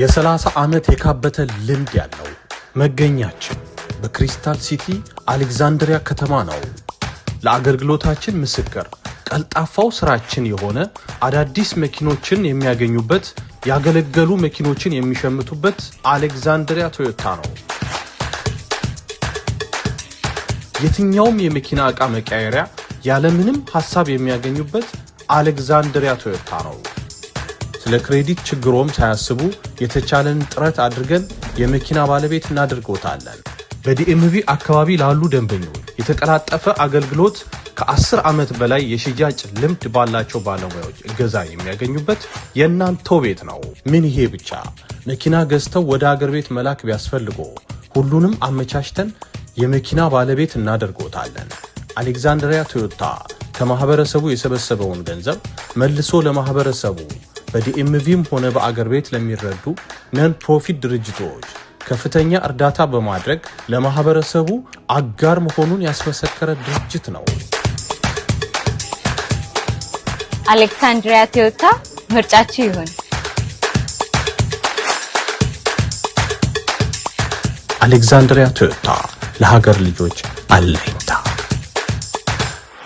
የ30 ዓመት የካበተ ልምድ ያለው መገኛችን በክሪስታል ሲቲ አሌክዛንድሪያ ከተማ ነው። ለአገልግሎታችን ምስክር ቀልጣፋው ስራችን የሆነ አዳዲስ መኪኖችን የሚያገኙበት፣ ያገለገሉ መኪኖችን የሚሸምቱበት አሌክዛንድሪያ ቶዮታ ነው። የትኛውም የመኪና ዕቃ መቀየሪያ ያለምንም ሐሳብ የሚያገኙበት አሌክዛንድሪያ ቶዮታ ነው። ስለ ክሬዲት ችግሮም ሳያስቡ የተቻለን ጥረት አድርገን የመኪና ባለቤት እናደርጎታለን። በዲኤምቪ አካባቢ ላሉ ደንበኞች የተቀላጠፈ አገልግሎት ከ10 ዓመት በላይ የሽያጭ ልምድ ባላቸው ባለሙያዎች እገዛ የሚያገኙበት የእናንተው ቤት ነው። ምን ይሄ ብቻ! መኪና ገዝተው ወደ አገር ቤት መላክ ቢያስፈልጎ ሁሉንም አመቻችተን የመኪና ባለቤት እናደርጎታለን። አሌክዛንድሪያ ቶዮታ ከማኅበረሰቡ የሰበሰበውን ገንዘብ መልሶ ለማኅበረሰቡ በዲኤምቪም ሆነ በአገር ቤት ለሚረዱ ነን ፕሮፊት ድርጅቶች ከፍተኛ እርዳታ በማድረግ ለማህበረሰቡ አጋር መሆኑን ያስመሰከረ ድርጅት ነው። አሌክሳንድሪያ ቶዮታ ምርጫችሁ ይሁን። አሌክሳንድሪያ ቶዮታ ለሀገር ልጆች አለኝታ